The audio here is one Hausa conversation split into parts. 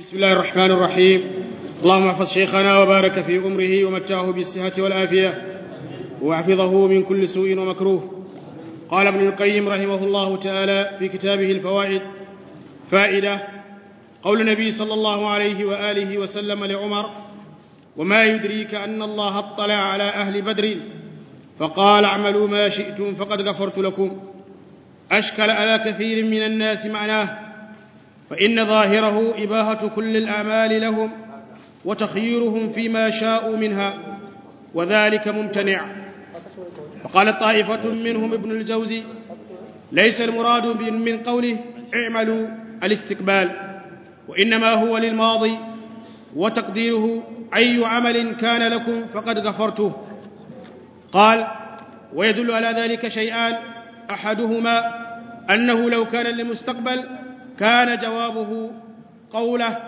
بسم الله الرحمن الرحيم اللهم احفظ شيخنا وبارك في أمره ومتعه بالصحة والعافية واحفظه من كل سوء ومكروه قال ابن القيم رحمه الله تعالى في كتابه الفوائد فائدة قول النبي صلى الله عليه وآله وسلم لعمر وما يدريك أن الله اطلع على أهل بدر فقال اعملوا ما شئتم فقد غفرت لكم أشكل على كثير من الناس معناه فإن ظاهره إباهة كل الأعمال لهم وتخييرهم فيما شاءوا منها وذلك ممتنع وقال طائفة منهم ابن الجوزي ليس المراد من قوله اعملوا الاستقبال وإنما هو للماضي وتقديره أي عمل كان لكم فقد غفرته قال ويدل على ذلك شيئان أحدهما أنه لو كان للمستقبل كان جوابه قوله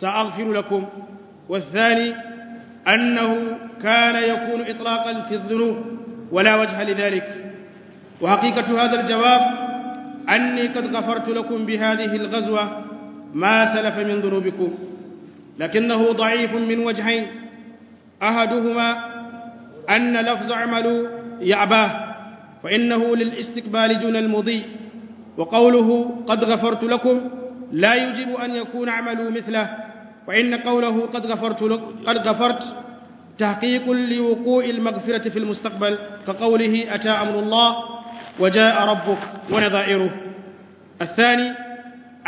سأغفر لكم والثاني أنه كان يكون إطلاقا في الذنوب ولا وجه لذلك وحقيقة هذا الجواب أني قد غفرت لكم بهذه الغزوة ما سلف من ذنوبكم لكنه ضعيف من وجهين أحدهما أن لفظ عمل يعباه فإنه للاستقبال دون المضي وقوله قد غفرت لكم لا يجب أن يكون عمله مثله وإن قوله قد غفرت, لك قد غفرت تحقيق لوقوع المغفرة في المستقبل كقوله أتى أمر الله وجاء ربك ونظائره الثاني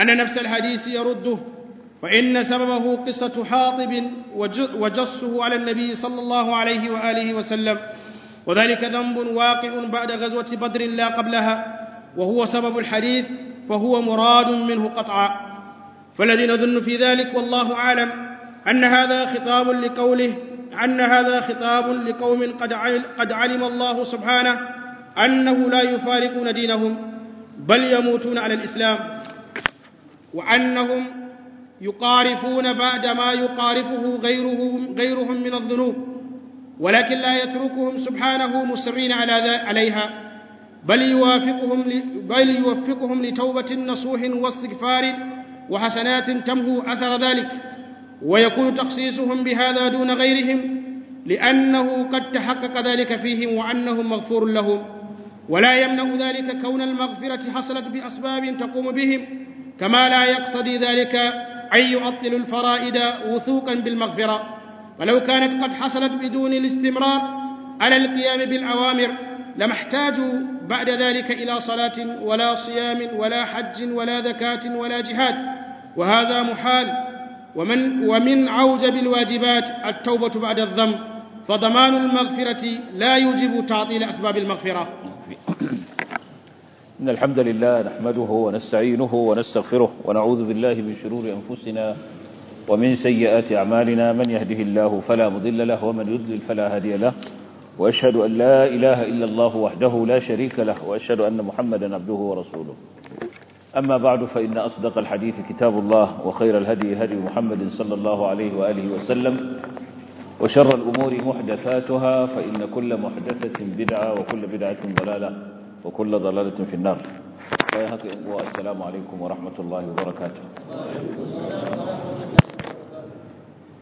أن نفس الحديث يرده وإن سببه قصة حاطب وجصه على النبي صلى الله عليه وآله وسلم وذلك ذنب واقع بعد غزوة بدر لا قبلها وهو سبب الحديث فهو مراد منه قطعا فالذي نظن في ذلك والله أعلم أن هذا خطاب لقوله أن هذا خطاب لقوم قد علم, قد علم الله سبحانه أنه لا يفارقون دينهم بل يموتون على الإسلام وأنهم يقارفون بعد ما يقارفه غيرهم, غيرهم من الذنوب ولكن لا يتركهم سبحانه مصرين على عليها بل يوافقهم بل يوفقهم لتوبة نصوح واستغفار وحسنات تمهو أثر ذلك ويكون تخصيصهم بهذا دون غيرهم لأنه قد تحقق ذلك فيهم وأنه مغفور لهم ولا يمنع ذلك كون المغفرة حصلت بأسباب تقوم بهم كما لا يقتضي ذلك أن يعطلوا الفرائد وثوقا بالمغفرة فلو كانت قد حصلت بدون الاستمرار على القيام بالأوامر لما احتاجوا بعد ذلك إلى صلاة ولا صيام ولا حج ولا زكاة ولا جهاد وهذا محال ومن, ومن عوجب الواجبات التوبة بعد الذنب فضمان المغفرة لا يجب تعطيل أسباب المغفرة إن الحمد لله نحمده ونستعينه ونستغفره ونعوذ بالله من شرور أنفسنا ومن سيئات أعمالنا من يهده الله فلا مضل له ومن يضلل فلا هادي له وأشهد أن لا إله إلا الله وحده لا شريك له وأشهد أن محمدا عبده ورسوله أما بعد فإن أصدق الحديث كتاب الله وخير الهدي هدي محمد صلى الله عليه وآله وسلم وشر الأمور محدثاتها فإن كل محدثة بدعة وكل بدعة ضلالة وكل ضلالة في النار والسلام عليكم ورحمة الله وبركاته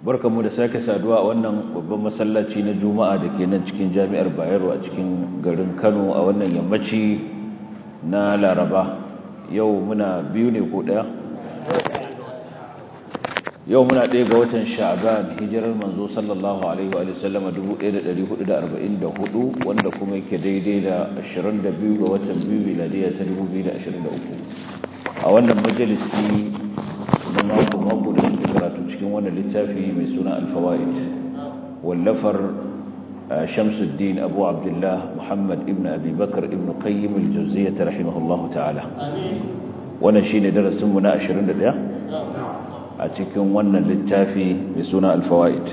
barkamu da sake saduwa a wannan babban masallaci na juma'a da ke nan cikin jami'ar bayero a cikin garin kano a wannan yammaci na laraba yau muna biyu ne ko ɗaya yau muna ɗaya ga watan sha'ban hijirar manzo sallallahu alaihi wa sallama 1444 wanda kuma yake daidai da 22 ga watan biyu miladiya ta 2023 a wannan majalisi na mako mako da suke karatu cikin wannan littafi mai suna alfawa'id wallafar shamsuddin abu abdullah muhammad ibn abubakar ibn qayyim al-jawziyyah rahimahullahu ta'ala wannan shine darasinmu na 21 a cikin wannan littafi mai suna alfawa'id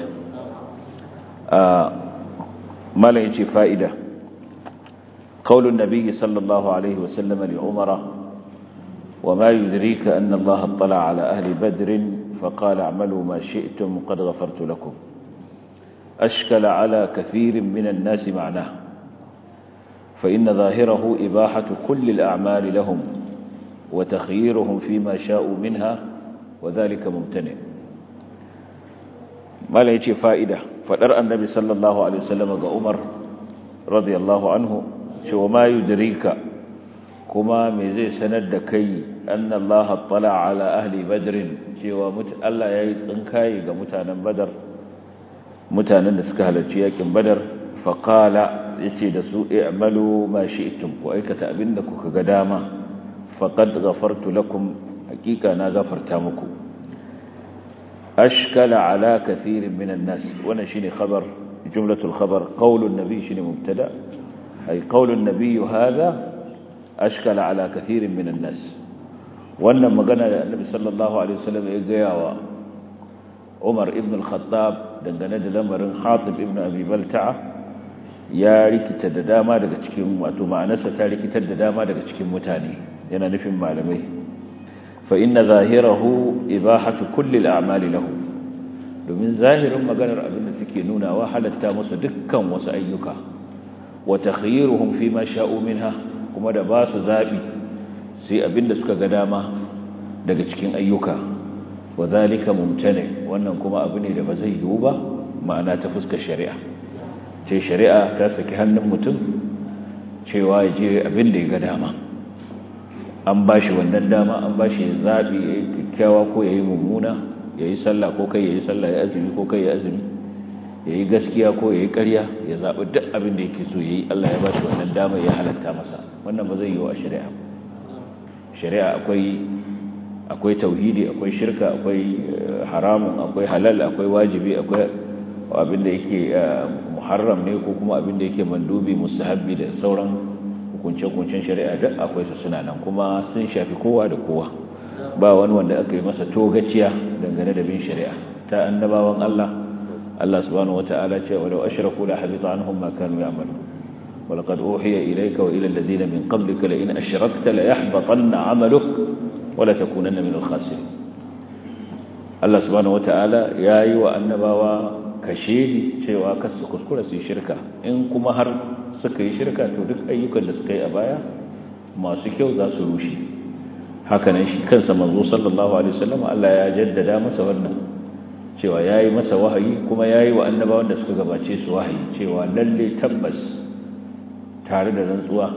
mala ya ce fa'ida kaulun nabi sallallahu alaihi wasallama li umara wa ma yudrika anna Allah attala ala ahli badrin فقال اعملوا ما شئتم قد غفرت لكم أشكل على كثير من الناس معناه فإن ظاهره إباحة كل الأعمال لهم وتخييرهم فيما شاءوا منها wa zalika mumtani mala yace fa'ida Faɗar annabi sallallahu alaihi wasallam ga Umar radiyallahu anhu cewa ma yudrika kuma me zai sanar da kai annallaha tala ala ahli badr cewa Allah yayi tsinkaye ga mutanen badar mutanen da suka halarci yakin badar faqala yace da su i'malu ma tun. ku aikata abin da kuka ga dama faqad ghafartu lakum حقيقة أنا غفرتها مكو أشكل على كثير من الناس وأنا شيني خبر جملة الخبر قول النبي شيني مبتدا أي قول النبي هذا أشكل على كثير من الناس وأن ما قال النبي صلى الله عليه وسلم يا عمر ابن الخطاب دنقنا دلمر خاطب ابن أبي بلتعة يا ريكي تددا ما دقا تشكي مواتو معنسة يا ريكي تددا ما دقا تشكي متاني ينا نفهم معلمي فإن ظاهره إباحة كل الأعمال له domin zahirin maganar abin da take nunawa halatta musu dukkan wasu ayyuka wa takhyiruhum fi ma sha'u minha kuma da ba su zabi sai abin da suka ga dama daga cikin ayyuka wa zalika mumtani wannan kuma abu ne da ba zai yiwu ba ma'ana ta fuskar shari'a ce shari'a ta saki hannun mutum cewa ya je abin da ya ga dama an ba shi wannan dama an ba shi zaɓi ya yi kyakkyawa ko ya yi mummuna ya yi sallah ko kai ya yi sallah ya azumi ko kai ya azumi ya yi gaskiya ko ya yi ƙarya ya zaɓi duk abin da yake so ya yi allah ya ba shi wannan dama ya halatta masa wannan ba zai yi wa shari'a shari'a akwai akwai tauhidi akwai shirka akwai eh, haramun akwai halal akwai wajibi akwai abin da yake eh, muharram ne ko kuma abin da yake mandubi mustahabbi da sauran hukunce-hukuncen shari'a duk akwai su suna nan kuma sun shafi kowa da kowa ba wani wanda aka yi masa togaciya dangane da bin shari'a ta annabawan Allah Allah subhanahu wata'ala ce wa law ashraku la habita anhum ma kanu ya'malu wa laqad uhiya ilayka wa ila alladhina min qablika la in ashrakta la yahbatanna 'amaluk wa la takunanna min al-khasirin Allah subhanahu wata'ala yayi wa annabawa kashedi cewa kasu kuskura su shirka in kuma har suka yi shirka to duk ayyukan da suka yi a baya masu kyau za su rushe hakanan shi kansa manzo sallallahu alaihi wasallam Allah ya jaddada masa wannan cewa yayi masa wahayi kuma yayi wa annabawan da suka gabace su wahayi cewa lalle tabbas tare da rantsuwa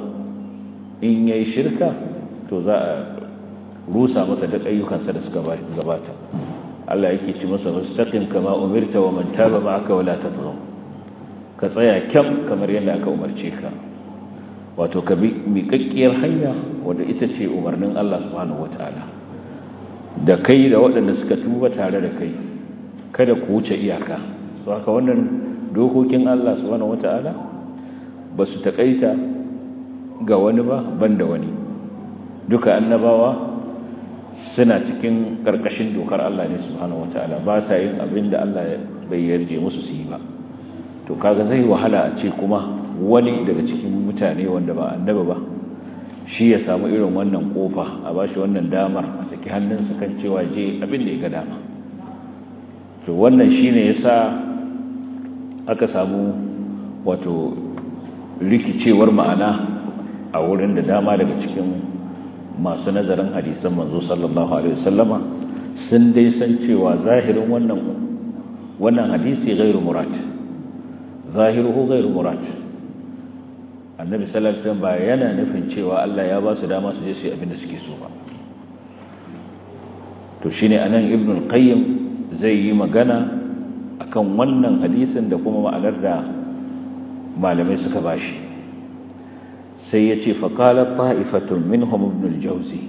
in yayi shirka to za a rusa masa duk ayyukansa da suka gabata Allah yake ci masa mustaqim kama umirta wa man taba ma'aka wala tatghaw ka tsaya kyau kamar yadda aka umarce ka wato ka bi miƙaƙƙiyar hanya wadda ita ce umarnin Allah subhanahu wataala da kai da waɗanda suka tuba tare da kai kada ku wuce iyaka su haka wannan dokokin Allah subhanahu wataala ba su taƙaita ga wani ba ban da wani duka annabawa suna cikin ƙarƙashin dokar Allah ne subhanahu wataala ba sa yin abin da Allah bai yarje musu su yi ba to kaga zai wahala a ce kuma wani daga cikin mutane wanda ba annaba ba shi ya samu irin wannan kofa a bashi wannan damar a saki hannunsa kan cewa je abin da ya ga dama to wannan shine yasa aka samu wato rikicewar ma'ana a wurin da dama daga cikin masu nazarin hadisan manzo sallallahu alaihi wasallama sun dai san cewa zahirin wannan wannan hadisi ghairu murati zahiruhu ghairu murad annabi sallallahu alaihi wasallam ba yana nufin cewa Allah ya ba su dama su je su yi abin da suke so ba to shine anan ibn al-qayyim zai yi magana akan wannan hadisin da kuma ma'anar da malamai suka bashi sai yace fa qala ta'ifatun minhum ibn al-jawzi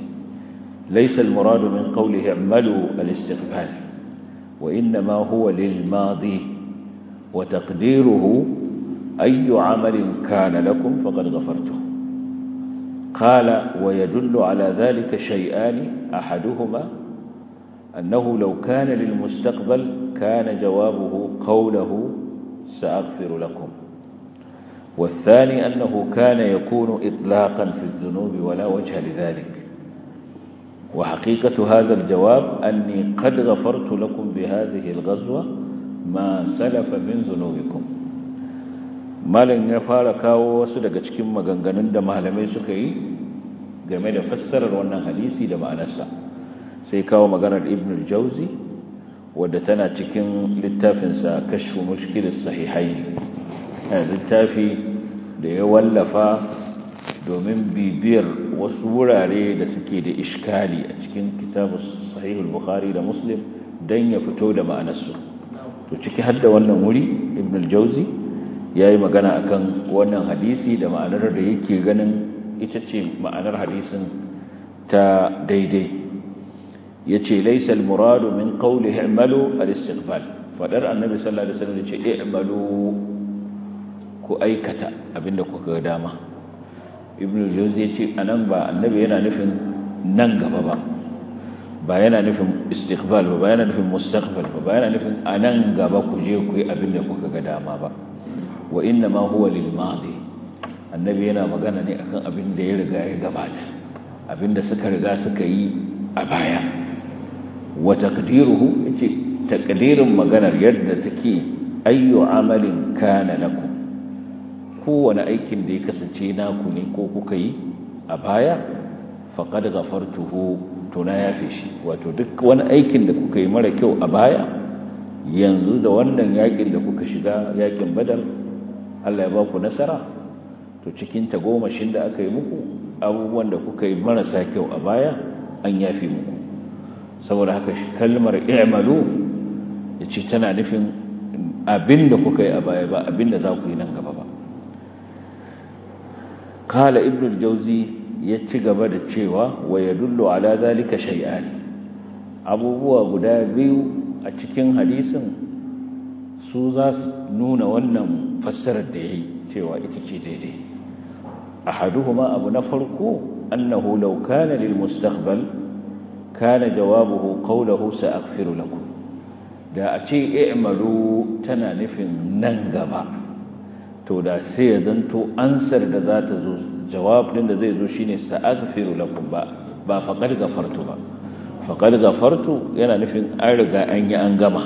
laysa al-murad min qawlihi amalu al-istiqbal wa inma huwa lil-madi وتقديره أي عمل كان لكم فقد غفرته قال ويدل على ذلك شيئان أحدهما أنه لو كان للمستقبل كان جوابه قوله سأغفر لكم والثاني أنه كان يكون إطلاقا في الذنوب ولا وجه لذلك وحقيقة هذا الجواب أني قد غفرت لكم بهذه الغزوة ma salafa min zunubikum malam ya fara kawo wasu daga cikin maganganun da malamai suka yi game da fassarar wannan hadisi da ma'anarsa sai kawo maganar ibn al-jawzi wadda tana cikin littafinsa kashfu mushkilis sahihain littafi da ya wallafa domin bibiyar wasu wurare da suke da ishkali a cikin kitabus sahihul bukhari da muslim don ya fito da ma'anarsu to ciki hadda wannan wuri ibn al-jauzi yayi magana akan wannan hadisi da ma'anar da yake ganin ita ce ma'anar hadisin ta daidai yace laysa al-muradu min qawlihi i'malu al-istiqbal fadar annabi sallallahu alaihi wasallam yace i'malu ku aikata abinda kuka ga dama ibn al-jauzi yace anan ba annabi yana nufin nan gaba ba ba yana nufin istiqbal ba yana nufin mustaqbal ba yana nufin anan gaba ku je ku yi abin da kuka ga dama ba wa inna ma huwa lil madi annabi yana magana ne akan abin da ya riga ya gabata abin da suka riga suka yi a baya wa taqdiruhu yace taqdirin maganar yadda take ayyu amalin kana lakum kowane aikin da ya kasance naku ne ko kuka yi a baya faqad ghafartuhu to na yafe shi wato duk wani aikin da kuka yi mara kyau a baya yanzu da wannan yakin da kuka shiga yakin badar Allah ya ba ku nasara to cikin ta goma shi da aka yi muku abubuwan da kuka yi marasa kyau a baya an yafe muku saboda haka shi kalmar i'malu ce tana nufin abin da kuka yi a baya ba abin da za ku yi nan gaba ba kala ibnu jauzi. ya ci gaba da cewa wa yadullu ala zalika shay'an abubuwa guda biyu a cikin hadisin su za su nuna wannan fassarar da yi cewa ita ce daidai ma abu na farko annahu law kana lil mustaqbal kana jawabuhu qawluhu sa'aghfiru lakum da a ce i'malu tana nufin nan gaba to da sai ya zanto ansar da za ta zo jawab din da zai zo shine sa'afiru lakum ba ba faqad ghafartu ba faqad ghafartu yana nufin an riga an yi an gama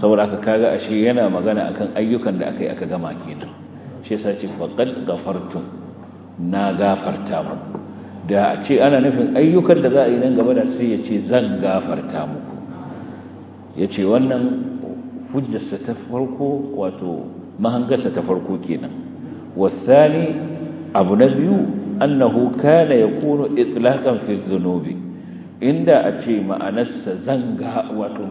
saboda ka kaga ashe yana magana akan ayyukan da aka aka gama kenan shi yasa ce faqad ghafartu na gafarta mu da a ce ana nufin ayyukan da za a yi nan gaba da sai ya ce zan gafarta muku ya ce wannan hujjarsa ta farko wato mahangarsa ta farko kenan wasani abu na biyu annahu kana kuno itlaqan fi zunubi inda a ce ma'anarsa wato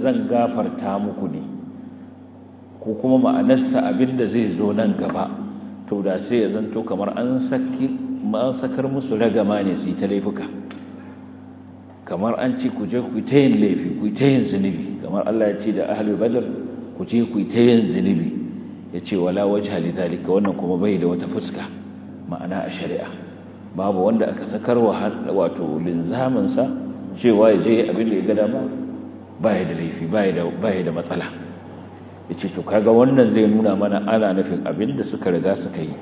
zan gafarta muku ne ko kuma ma'anarsa abinda zai zo nan gaba to da sai ya zanto kamar an sakar musu ragama ne su yi ta laifuka kamar an ce ku je ku ta yin laifi ku ta yin zunubi kamar Allah ya ce da ahli badar ku je ku ta yin zunubi ya ce wala wajha lidhalika wannan kuma bai da wata fuska ma'ana a shari'a babu wanda aka sakar wa wato linzaminsa cewa yaje abin da ya gada ba baya da laifi baya da matsala yace to kaga wannan zai nuna mana ana nufin abin da suka riga suka yi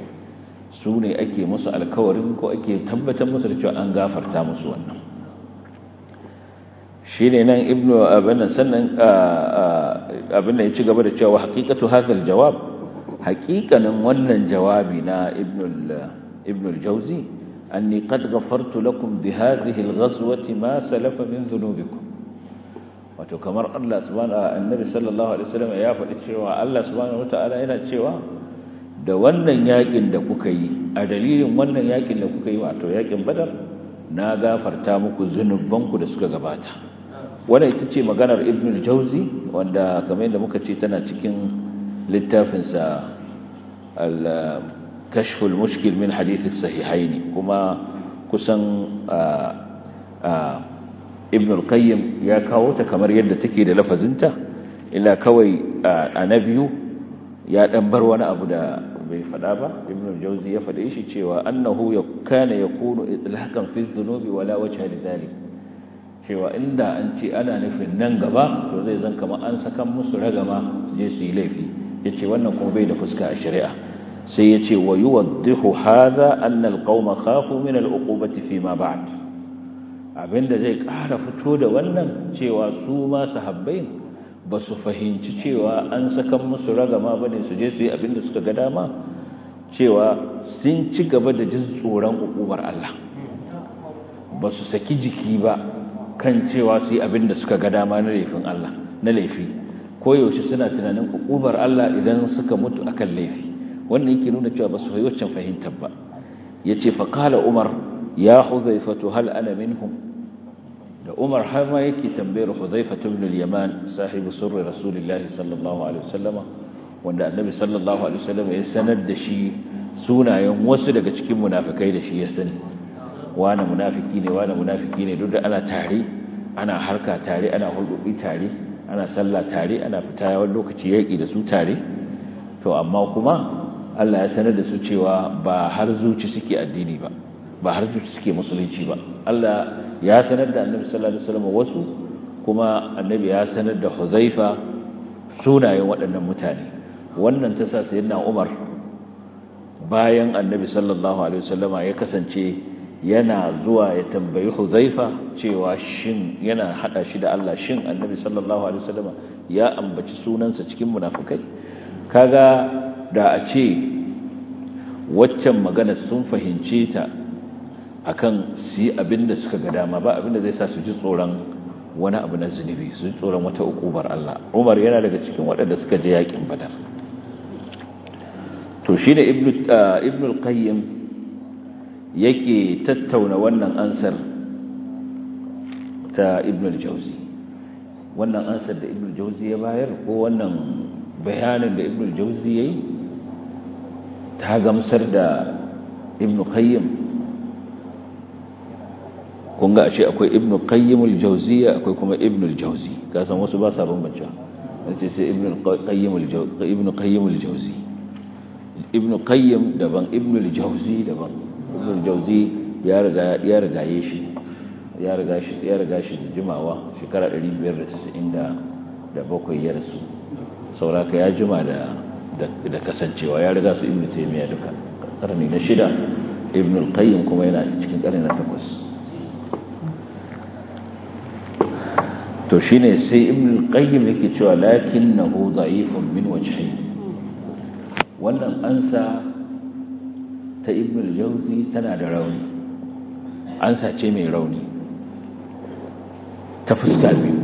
su ne ake musu alkawarin ko ake tabbatar musu da cewa an gafarta musu wannan shi ne nan ibnu abin sannan abin da ya ci gaba da cewa haƙiƙatu hazal jawab haƙiƙanin wannan jawabi na ibn al-jauzi ni gafartu lakum bi hadhihi ghazwati ma salafa min dhunubikum wato kamar Allah subhanahu annabi sallallahu alaihi wasallam ya faɗi cewa Allah subhanahu wataala yana cewa da wannan yakin da kuka yi a dalilin wannan yakin da kuka yi wato yakin badar na gafarta muku zunubanku da suka gabata wannan ita ce maganar ibn al-jauzi wanda kamar yadda muka ce tana cikin littafinsa kashful mushkil min hadith ne kuma kusan ibn al-qayyim ya kawo ta kamar yadda take da lafazinta ila kawai a biyu ya dan bar wani abu da bai faɗa ba ibn al-jawzi ya faɗi shi cewa annahu kana yakunu itlaqan fi dhunubi wala wajha lidhalik cewa inda an ce ana nufin nan gaba to zai zan kamar an saka musu ragama su suyi laifi yace wannan kuma bai da fuska a shari'a sai yace wa haza hadha anna alqauma kafu min al'uqubati fi ma ba'd abinda zai kara fito da wannan cewa su ma sahabbai ba su fahimci cewa an saka musu ragama bane su je su yi abinda suka ga dama cewa sun ci gaba da jin tsoron hukumar Allah ba su saki jiki ba kan cewa su yi abinda suka ga dama na laifin Allah na laifi koyaushe suna tunanin hukumar Allah idan suka mutu akan laifi wannan yake nuna cewa ba su yi waccan fahimtar ba yace ce qala umar ya huzaifatu hal ana minhum da umar har ma yake tambayar huzaifatu ibn al-yaman sahibu sirri rasulillahi sallallahu alaihi wasallama wanda annabi sallallahu alaihi wasallama ya sanar da shi sunayen wasu daga cikin munafikai da shi ya sani wani munafiki ne wani munafiki ne duk da ana tare ana harka tare ana hulɗoɗi tare ana sallah tare ana fita wani lokaci yaƙi da su tare to amma kuma Allah ya sanar da su cewa ba har zuci suke addini ba ba har zuci suke musulunci ba Allah ya sanar da annabi sallallahu alaihi wasallam wasu kuma annabi ya sanar da Huzaifa sunayen waɗannan mutane wannan ta sa sayyidina Umar bayan annabi sallallahu alaihi wasallama ya kasance yana zuwa ya tambayi huzaifa cewa shin yana hada shi da Allah shin annabi sallallahu alaihi wasallam ya ambaci sunansa cikin munafikai kaga da a ce waccan magana sun fahimce ta akan su yi abinda suka ga dama ba abinda zai sa su ji tsoron wani abu na zunubi su ji tsoron wata ukubar Allah Umar yana daga cikin waɗanda suka je yakin Badar to shine ibnu ah, ibnu al-Qayyim yake tattauna wannan ansar ta ibn al-jawzi wannan ansar da ibn al-jawzi ya bayar ko wannan bayanin da ibn al-jawzi yayi ta gamsar da ibn qayyim kun ga ashe akwai ibn qayyim al-jawziya akwai kuma ibn al-jawzi ka san wasu ba sa An sai sai ibn qayyim al-jawzi ibn qayyim al-jawzi ibn qayyim daban ibn al-jawzi daban ibn jauzi ya riga ya rigaye shi ya riga shi ya riga shi jimawa shekara bakwai ya rasu sauraka ya jima da da kasancewa ya riga su ibn taymiya duka karni na shida ibn al-qayyim kuma yana cikin karni na takwas to shine sai ibn al-qayyim yake cewa lakinnahu da'ifun min wajhi wannan ansa ta ibn jauzi tana da rauni an sace mai rauni ta fuska biyu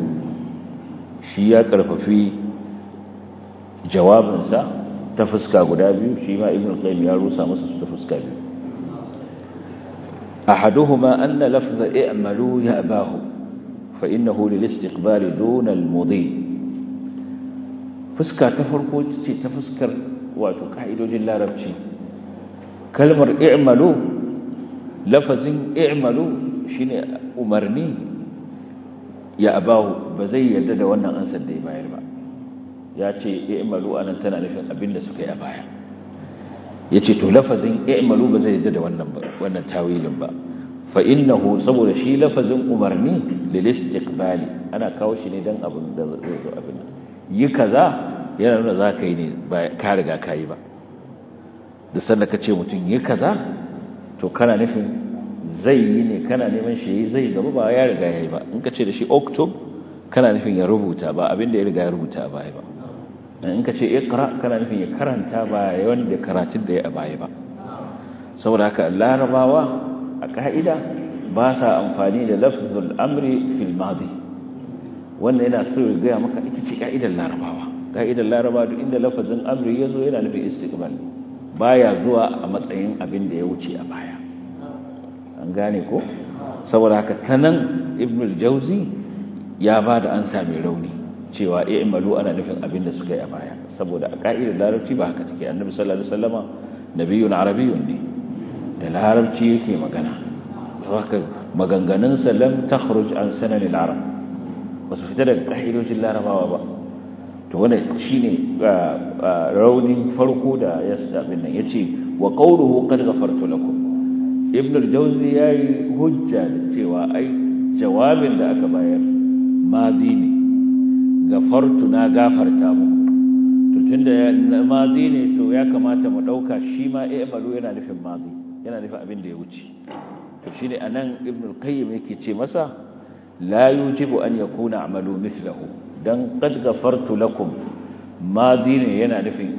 shi ya karfafi jawabinsa ta fuska guda biyu shi ma ibn qayyim ya rusa masa su ta fuska biyu ahaduhuma anna lafza i'malu ya abahu fa innahu lil istiqbali duna al mudi fuska ta farko ce ta fuskar wato ka'idojin larabci kalmar i'malu lafazin i'malu shine umarni ya abahu ba zai yarda da wannan ansar da ya bayar ba ya ce i'malu anan tana nufin abin da suka yi a baya ya ce to lafazin i'malu ba zai yarda da wannan wannan tawilin ba fa innahu saboda shi lafazin umarni lil istiqbali ana kawo shi ne dan abin da zai zo abin yi kaza yana nuna za ka yi ne ba ka riga ka yi ba da sanda ka ce mutum yi kaza to kana nufin zai yi ne kana neman shi yi zai zama ba ya riga ya yi ba in ka ce da shi oktob kana nufin ya rubuta ba abinda ya riga ya rubuta ba ya ba in ka ce ikra kana nufin ya karanta ba ya da karatun da ya a baya ba saboda haka larabawa a ka'ida ba sa amfani da lafzul amri fil madi wannan yana so ya gaya maka ita ce ka'idar larabawa ka'idar larabawa duk inda lafazin amri ya zo yana nufin istiqbal baya zuwa a matsayin abin da ya wuce a baya an gane ko saboda haka tanan ibn al-jawzi ya ba da ansa mai rauni cewa eh imalu ana nufin abin da suka yi a baya saboda a ka'idar larabci ba haka take annabi sallallahu alaihi wasallama nabiyun arabiyyun ne da larabci yake magana haka maganganun sa takhruj an sanan al-arab wasu fita daga ka'idojin larabawa ba to shi ne ah, ah, raunin farko da ya sabi nan ya ce wa qawluhu qad ghafartu ku. ibn al ya yayi hujja da cewa ai jawabin da aka bayar mazi ne gafartu na gafarta muku to tunda mazi ne to ya kamata mu ɗauka shi ma malu yana nufin mazi yana nufin abin da ya wuce to shi shine anan ibn al-qayyim yake ce masa la yujibu an yakuna amalu mithluhu dan qad ghafartu lakum madi ne yana nufin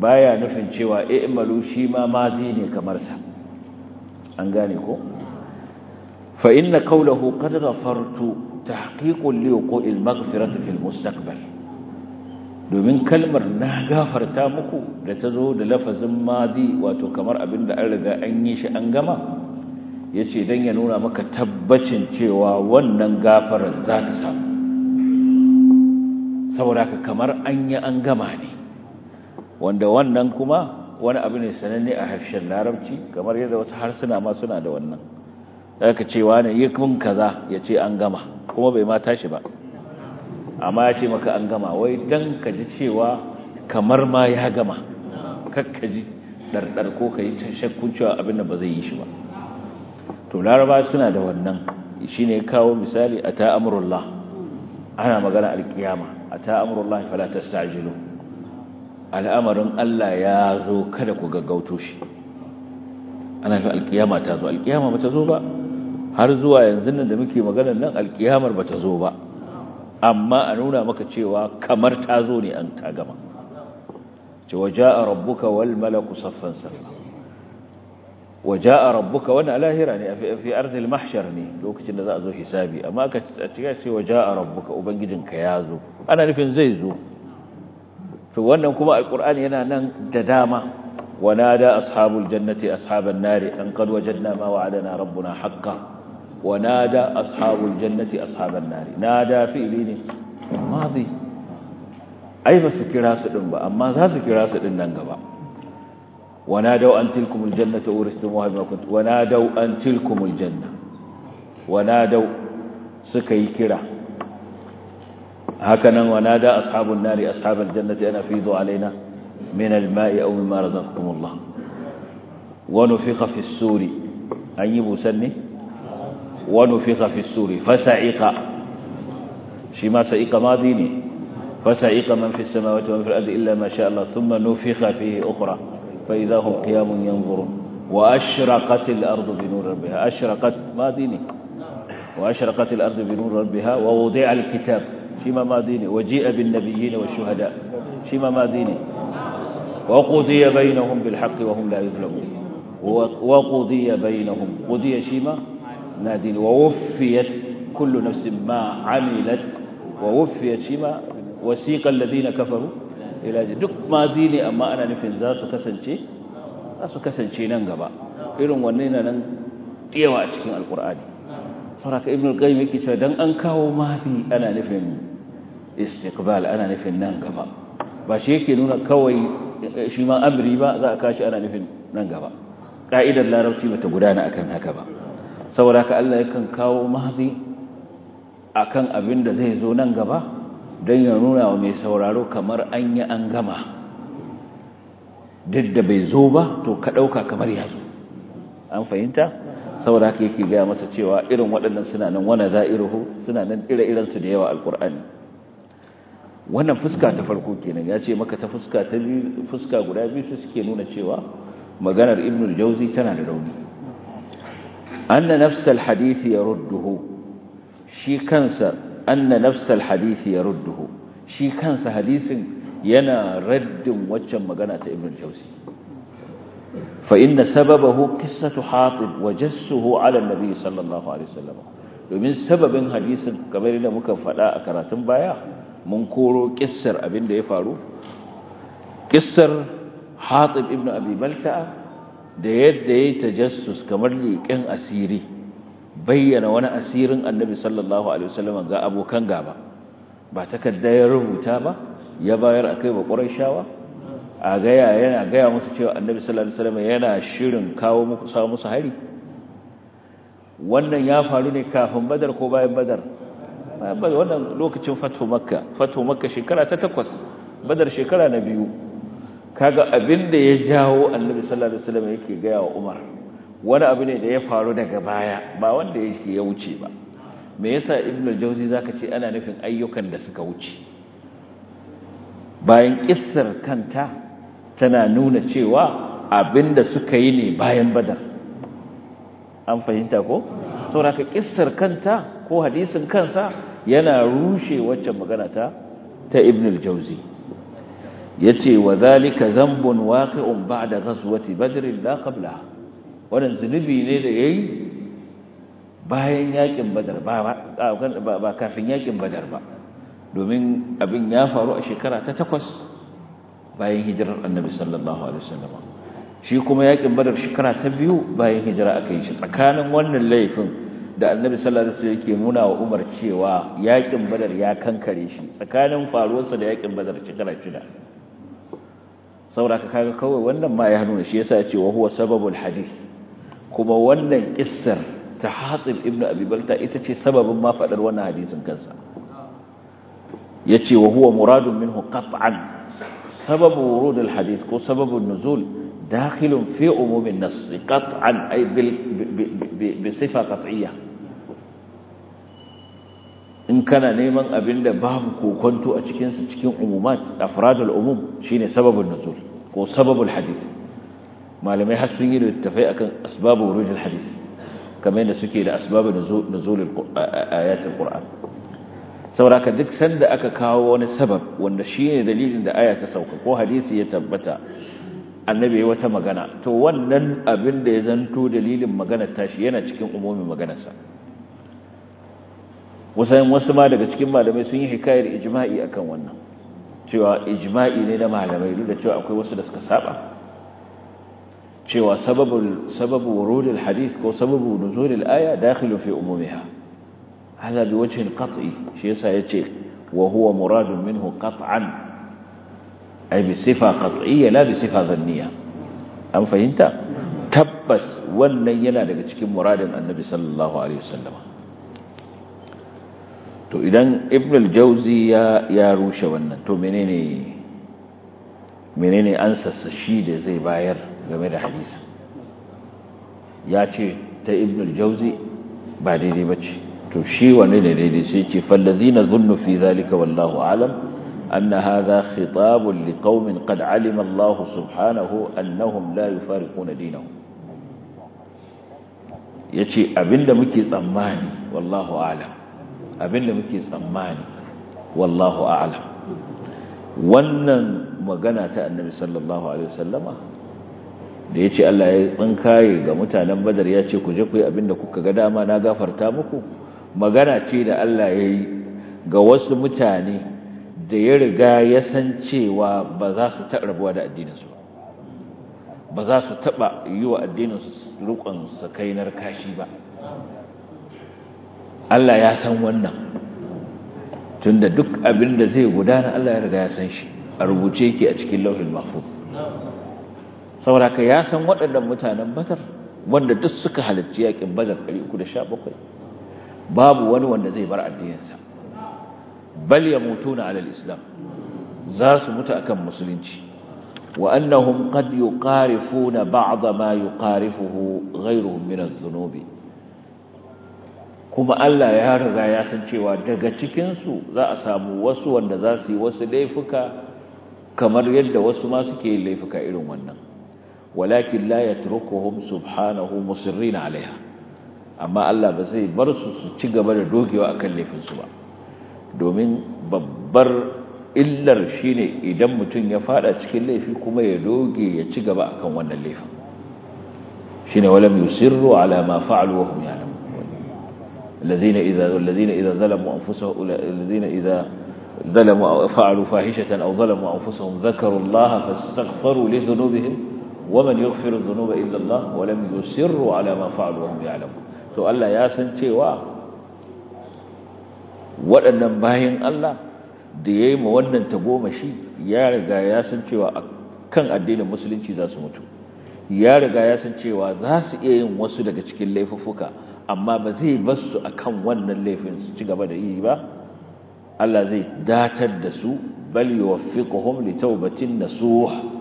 ba ya nufin cewa i'malu shi ma madi ne kamar sa an gane ko fa inna qawluhu qad ghafartu tahqiqun li wuqu'il maghfirati fil mustaqbal domin kalmar na gafarta muku da ta zo da lafazin madi wato kamar abinda an riga an yi shi an gama ya ce don ya nuna maka tabbacin cewa wannan gafarar za ta samu saboda ka kamar an yi an gama ne wanda wannan kuma wani abu ne sananne a harshen larabci kamar yadda wasu harsuna ma suna da wannan daga cewa ne yi kun kaza ya ce an gama kuma bai ma tashi ba amma ya ce maka an gama wai don ka ji cewa kamar ma ya gama kakkaji ɗarɗar ko ka yi shakkun cewa abin da ba zai yi shi ba to laraba suna da wannan shi ne kawo misali ata amrullah ana magana alkiyama a ata amrullah fala tastajilu al'amarin Allah ya zo kada ku gaggauto shi ana fi alkiyama ta zo alkiyama ba ta zo ba har zuwa yanzu nan da muke magana nan alkiyamar ba ta zo ba amma a nuna maka cewa kamar ta zo ne an ta gama ce waje a rabbuka wal malaku saffan saffan waja'a rabbuka wani lahira ne a fi ardil mahshar ne lokacin da za a zo hisabi amma ka cika ce waja'a rabbuka ubangijinka ya zo ana nufin zai zo to wannan kuma alkur'ani yana nan da dama da ashabul jannati ashaban nari an qad wajadna ma wa'adana rabbuna wana da ashabul jannati ashaban nari da fi'li ne madi ai ba su kira su din ba amma za su kira su din nan gaba ونادوا أن تلكم الجنة أورثتموها بما كنتم ونادوا أن تلكم الجنة ونادوا سكي كرة هكذا ونادى أصحاب النار أصحاب الجنة أن أفيضوا علينا من الماء أو مما رزقكم الله ونفخ في السور اي سني ونفخ في السور فسعق شما سعق ماضي فسعق من في السماوات ومن في الأرض إلا ما شاء الله ثم نفخ فيه أخرى فإذا هم قيام ينظرون وأشرقت الأرض بنور ربها أشرقت ما ديني وأشرقت الأرض بنور ربها ووضع الكتاب شما ما ديني وجيء بالنبيين والشهداء شما ما ديني وقضي بينهم بالحق وهم لا يظلمون وقضي بينهم قضي شما نادين ووفيت كل نفس ما عملت ووفيت شما وسيق الذين كفروا ilaji duk mazi ne amma ana nufin za su kasance za su kasance nan gaba irin wanne na nan tiyawa a cikin alkur'ani faraka ibn al-qayyim yake cewa dan an kawo mazi ana nufin istiqbal ana nufin nan gaba ba shi yake nuna kawai shi ma amri ba za a kashi ana nufin nan gaba ka'idar larabci bata gudana akan haka ba saboda ka Allah yakan kawo mazi akan abin da zai zo nan gaba don ya nuna wa mai sauraro kamar an yi an gama duk da bai zo ba to ka ɗauka kamar ya zo an fahimta saboda haka yake gaya masa cewa irin waɗannan suna nan wani za'iruhu suna nan ire-irensu da yawa alƙur'ani wannan fuska ta farko kenan ya ce maka ta fuska ta fuska guda biyu su suke nuna cewa maganar ibnul jauzi tana da rauni anna nafsal hadisi ya rudduhu shi kansa anna nafsal hadisi ya rudduhu shi kansa hadisin yana raddin waccan magana ta ibn jauzi fa inna sababahu qissatu hatib wa jassuhu ala nabi sallallahu domin sababin hadisin kamar yadda muka faɗa a karatun baya mun koro kissar abinda ya faru kissar hatib ibn abi da yadda yayi tajassus kamar liƙin asiri bayyana wani asirin annabi sallallahu alaihi wasallam ga abokan gaba ba takarda ya rubuta ba ya bayar akai ba qurayshawa a gaya yana gaya musu cewa annabi sallallahu alaihi wasallam yana shirin kawo muku sa musu hari wannan ya faru ne kafin badar ko bayan badar bayan badar wannan lokacin fatu makka fatu makka shekara ta takwas badar shekara na biyu kaga abin da ya jawo annabi sallallahu alaihi wasallam yake gaya wa umar wani abu ne da ya faru daga baya ba wanda yake ya wuce ba me yasa ibnu jauzi zaka ce ana nufin ayyukan da suka wuce bayan kissar kanta tana nuna cewa abinda suka yi ne bayan badar an fahimta ko sauraka kissar kanta ko hadisin kansa yana rushe waccan magana ta ta ibnu jauzi yace wa zalika zambun waqi'un ba'da ghazwati badr la qablaha wannan zunubi ne da yayi bayan yakin badar ba ba kafin yakin badar ba domin abin ya faru a shekara ta takwas bayan hijirar annabi sallallahu alaihi wasallam shi kuma yakin badar shekara ta biyu bayan hijira aka yi shi tsakanin wannan laifin da annabi sallallahu alaihi wasallam yake nuna wa Umar cewa yakin badar ya kankare shi tsakanin faruwarsa da yakin badar shekara shida saboda kaga kawai wannan ma ya nuna shi yasa ya ce wa huwa sababul hadith kuma wannan kissar ta hatsin ibn abi balta ita ce sababin ma fadar wannan hadisin kansa yace wa huwa muradun minhu qat'an sababu wurud alhadith ko sababu nuzul dakhilun fi umum an-nass qat'an ay bil bi sifa قطعا in kana neman abinda babu kokonto a cikin sa cikin umumat afradul umum shine شين nuzul ko وسبب الحديث malamai har sun yi littafai akan asbabu wurudul hadith kamar yadda suke da asbabu nuzulul ayatul qur'an saboda ka duk sanda aka kawo wani sabab wanda shi ne dalilin da aya ta sauka ko hadisi ya tabbata annabi ya wata magana to wannan abin da ya zanto dalilin maganar tashi yana cikin umumin maganarsa wasan wasu ma daga cikin malamai sun yi hikayar ijma'i akan wannan cewa ijma'i ne na malamai duk da cewa akwai wasu da suka saba cewa sababu wurudul hadith ko sababu nuzulil aya dakhilu fi umumiha hada bi wajhin qat'i shi yasa yace wa huwa muradun minhu qat'an ay bi sifa qat'iyya la bi sifa dhanniya an fahimta tabbas wannan yana daga cikin muradin annabi sallallahu alaihi wasallama to idan ibn al-jawzi ya ya rushe wannan to menene menene ansa shi da zai bayar game da hadisi ya ce ta ibn jauzi ba daidai ba ce to shi wani da daidai sai ce fallazi na zunnu fi zalika wallahu alam أن هذا خطاب لقوم قد علم الله سبحانه أنهم لا يفارقون دينهم yace abinda muke tsammani wallahu a'lam abinda muke tsammani wallahu a'lam wannan magana ta annabi sallallahu alaihi wasallama da ya ce Allah ya tsinkaye ga mutanen badar ya ce ku je ku yi abin da kuka ga dama na gafarta muku magana ce da Allah ya yi ga wasu mutane da ya riga ya san cewa ba za su taɓa rabuwa da addininsu ba za su taɓa yi wa addininsu rukun sakainar kashi ba Allah ya san wannan tunda duk abin da zai gudana Allah ya riga ya san shi a rubuce yake a cikin lauhin mahfuz saboda ka ya san waɗannan mutanen batar, wanda duk suka halarci yakin bazar 317 babu wani wanda zai bar addininsa bal na alal islam za su mutu kan musulunci wa annahum qad yuqarifuna ba'd ma yuqarifuhu ghayruhum min adh-dhunubi kuma Allah ya riga ya san cewa daga cikin su za a samu wasu wanda za su yi wasu laifuka kamar yadda wasu ma suke yin laifuka irin wannan ولكن لا يتركهم سبحانه مصرين عليها أما الله بزي برسو ستجا بدا دوكي وأكلي في السبا دومين ببر إلا رشيني إدم متن يفارا تكلي في كما يدوكي يتجا بأكا وانا الليفا شيني ولم يسروا على ما فعلوا وهم يعلمون الذين إذا الذين إذا ظلموا أنفسهم الذين إذا ظلموا أو فعلوا فاحشة أو ظلموا أنفسهم ذكروا الله فاستغفروا لذنوبهم waman yaghfiru dhunuba illa Allah wa lam yusirru ala ma fa'alu wa hum ya'lamun to Allah ya san cewa waɗannan bayan Allah da yayi ma wannan tagomashi ya riga ya san cewa kan addinin musulunci za su mutu ya riga ya san cewa za su iya yin wasu daga cikin laifuffuka amma ba zai bar su akan wannan laifin su ci gaba da yi ba Allah zai datar da su bal yuwaffiquhum li nasuha